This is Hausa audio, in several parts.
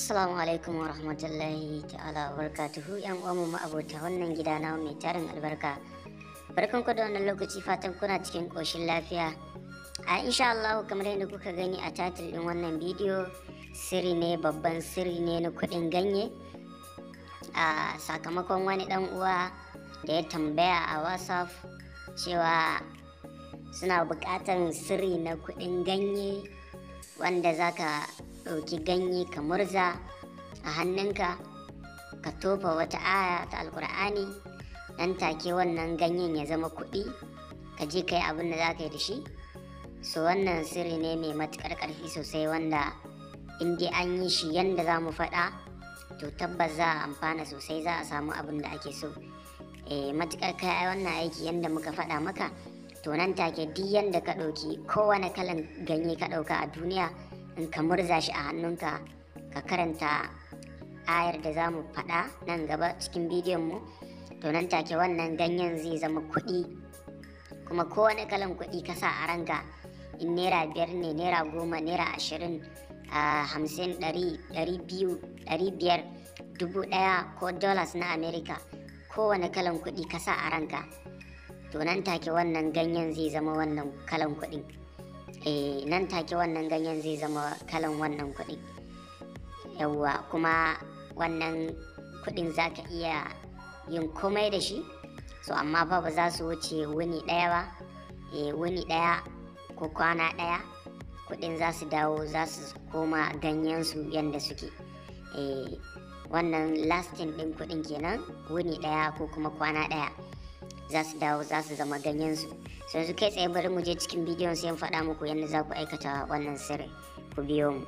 Assalamu alaikum wa rahmatullahi ta'ala wa barakatuhu yan uwanmu ma'abota wannan gida na mai tarin albarka. Barkan ku da wannan lokaci fatan kuna cikin koshin lafiya. A insha Allah kamar yadda kuka gani a tatil din wannan bidiyo sirri ne babban sirri ne na kuɗin ganye. A sakamakon wani dan uwa da ya tambaya a WhatsApp cewa suna buƙatan sirri na kuɗin ganye wanda zaka ɗauki ganye ka murza a hannunka ka tofa wata aya ta alkur'ani nan take wannan ganyen ya zama kuɗi ka je kai abin da za ka yi da shi so wannan sirri ne mai matuƙar ƙarfi sosai wanda in an yi shi yadda za mu faɗa to tabbas za a amfana sosai za a samu abin da ake so e, matuƙar kai wannan aiki yadda muka faɗa maka to nan take duk yadda ka ɗauki kowane kalan ganye ka ɗauka a duniya in ka murza shi a hannunka ka karanta ayar da za mu faɗa nan gaba cikin bidiyon mu to nan take wannan ganyen zai zama kuɗi kuma kowane kalan kuɗi ka sa a ranka in naira biyar ne naira goma naira ashirin hamsin ɗari biyu ɗari biyar dubu ɗaya ko dollars na america kowane kalan kuɗi ka sa a ranka to nan take wannan ganyen zai zama wannan kalan kuɗin eh nan take wannan ganyen zai zama kalan wannan kuɗi yawwa kuma wannan kuɗin za ka iya yin komai da shi so amma fa ba za su wuce wuni ɗaya ba eh, wuni ɗaya ko kwana ɗaya kuɗin za su dawo za su koma ganyensu yadda suke eh, wannan lastin ɗin kuɗin kenan wuni ɗaya ko kuma kwana ɗaya za su dawo za su zama ganyen su so yanzu kai tsaye bari mu je cikin bidiyon sai in faɗa muku yadda za ku aikata wannan sirri ku biyo mu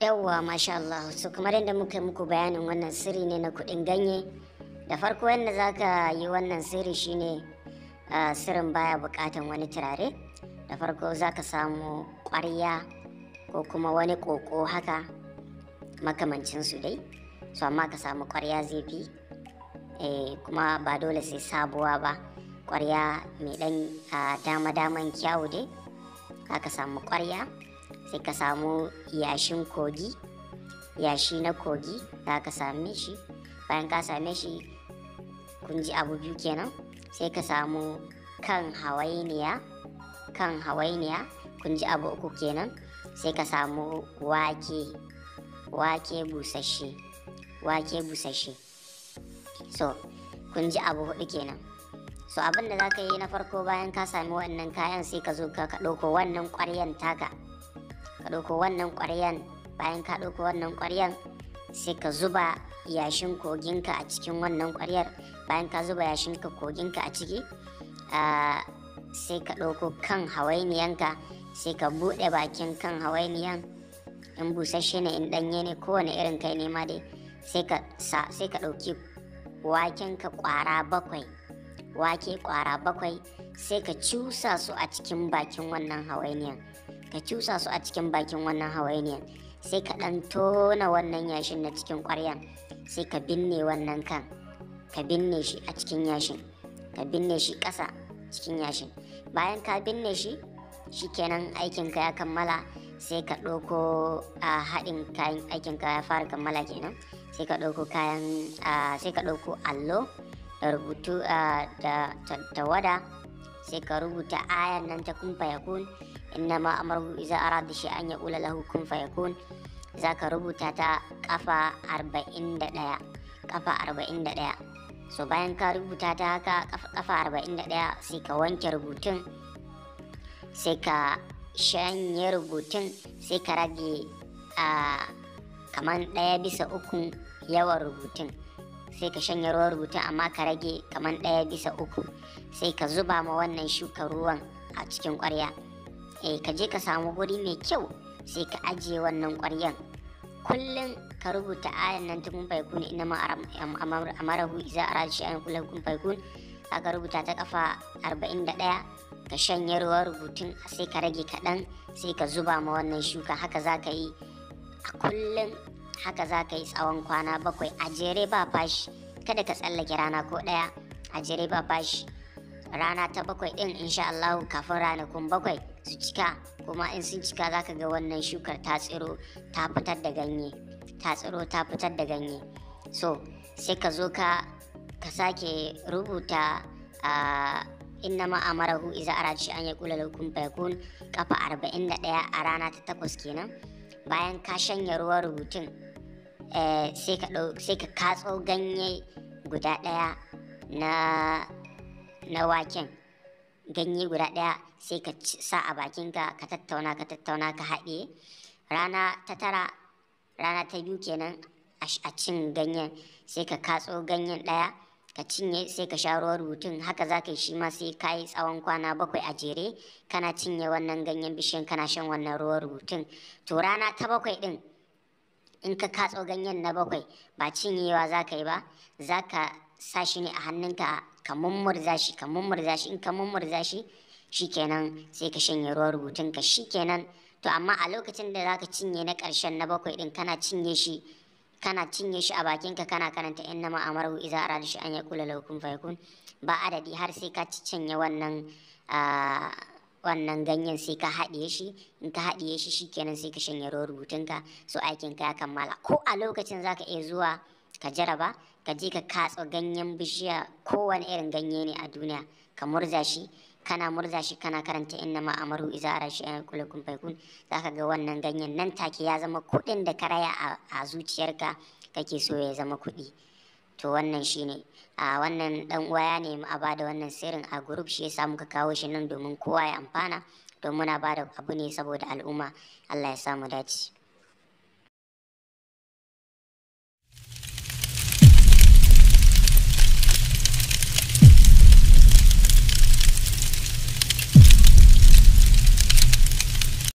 yawwa masha Allah so kamar yadda muka muku bayanin wannan sirri ne na kudin ganye da farko yadda za ka yi wannan sirri shine Ah, sirin baya bukatan wani turare da farko za ka samu ƙwarya ko kuma wani ƙoƙo haka makamancin su dai su amma ka samu ƙwarya zai fi eh, kuma ba dole sai sabuwa ba ƙwarya mai ɗan ah, dama-daman kyawu dai ka samu ƙwarya sai ka samu yashin kogi yashi na kogi za ka same shi bayan ka same shi kun ji abu biyu kenan sai ka samu kan hawainiya kan hawainiya kun ji abu uku kenan sai ka samu wake wake busashe wake busashe so kun ji abu hudu kenan so abin da zaka yi na farko bayan ka sami wannan kayan sai ka zo ka ɗauko wannan ƙwaryan taka ka ɗauko wannan ƙwaryan bayan ka ɗauko wannan ƙwaryan sai ka zuba yashin koginka a cikin wannan kwaryar bayan ka zuba yashinka koginka a ciki sai ka ɗauko kan hawainiyanka sai ka buɗe bakin kan hawainiyan in busasshe ne in ɗanye ne kowane irin kai ne ma dai sai ka ɗauki wakenka ƙwara bakwai wake ƙwara bakwai sai ka cusa su a cikin bakin wannan hawainiyan ka cusa su a cikin bakin wannan hawainiyan sai ka ɗan tona wannan yashin na cikin ƙwaryan sai ka binne wannan kan ka binne shi a cikin yashin ka binne shi ƙasa cikin yashin bayan ka binne shi shi kenan aikinka ya kammala sai ka ɗauko a haɗin kayan aikinka ya fara kammala kenan sai ka ɗauko kayan sai ka ɗauko allo da rubutu da tawada sai ka rubuta ayan nan ta kun fayakun inna ma amaru iza shi an ya ula lahu kun fayakun za ka rubuta ta kafa 41 kafa 41 so bayan ka rubuta ta haka kafa 41 sai ka wanke rubutun sai ka shanye rubutun sai ka rage a kamar ɗaya bisa ukun yawan rubutun sai ka shanye ruwan rubutun amma ka rage kamar ɗaya bisa uku sai ka zuba ma wannan shuka ruwan a cikin ƙwarya eh, ka je ka samu guri mai kyau sai ka ajiye wannan ƙwaryan kullum ka rubuta ayan nan tukun faikun ina ma amarahu iza arada shay'an kullum kun faikun ka rubuta ta kafa 41 ka shanye ruwan rubutun sai ka rage kaɗan sai ka zuba ma wannan shuka haka za ka yi a kullum haka za ka yi tsawon kwana bakwai a jere ba fashi kada ka tsallake rana ko ɗaya a jere ba fashi rana ta bakwai din insha Allah kafin ranakun bakwai su cika kuma in sun cika zaka ga wannan shukar ta tsiro ta fitar da ganye ta tsiro ta fitar da ganye so sai ka zo ka ka sake rubuta a inna amarahu iza araci an ya kula lakum fayakun kafa 41 a rana ta takwas kenan bayan ka shanya ruwan rubutun eh, sai ka katso ganye guda daya na na waken ganye guda daya sai ka sa a bakinka ka tattauna ka tattauna ka haɗe rana ta tara rana ta biyu kenan a cin ganyen sai ka katso ganyen daya ka cinye sai ka sha ruwan rubutun haka za ka yi shi ma sai ka yi tsawon kwana bakwai a jere kana cinye wannan ganyen bishiyan kana shan wannan ruwan rubutun to rana ta bakwai din. in ka katso ganyen na bakwai ba cinyewa za ka yi ba za ka sa shi ne a hannunka ka mummurza shi ka mummurza shi in ka mummurza shi shikenan sai ka shanye ruwan rubutun ka shikenan to amma a lokacin da za ka cinye na karshen na bakwai din kana cinye shi kana cinye shi a bakinka kana karanta in na ma'amaru iza ara shi an ya kula laukun fayakun ba adadi har sai ka cinye wannan ah, wannan ganyen sai ka haɗiye shi in ka haɗiye shi kenan sai ka shanye ka so aikin ka ya kammala ko a lokacin zaka iya zuwa ka jaraba ka je ka katsa ganyen bishiya kowane irin ganye ne a duniya ka murza shi kana murza shi kana karanta inna ma amaru iza ara shi an kula kun faikun zaka ga wannan ganyen nan take ya zama kuɗin da ka raya a zuciyarka kake so ya zama kuɗi to wannan shi ne a wannan dan uwa ya nemi a bada wannan sirrin a group shi yasa muka kawo shi nan domin kowa ya amfana don muna bada abu ne saboda al'umma Allah ya samu dace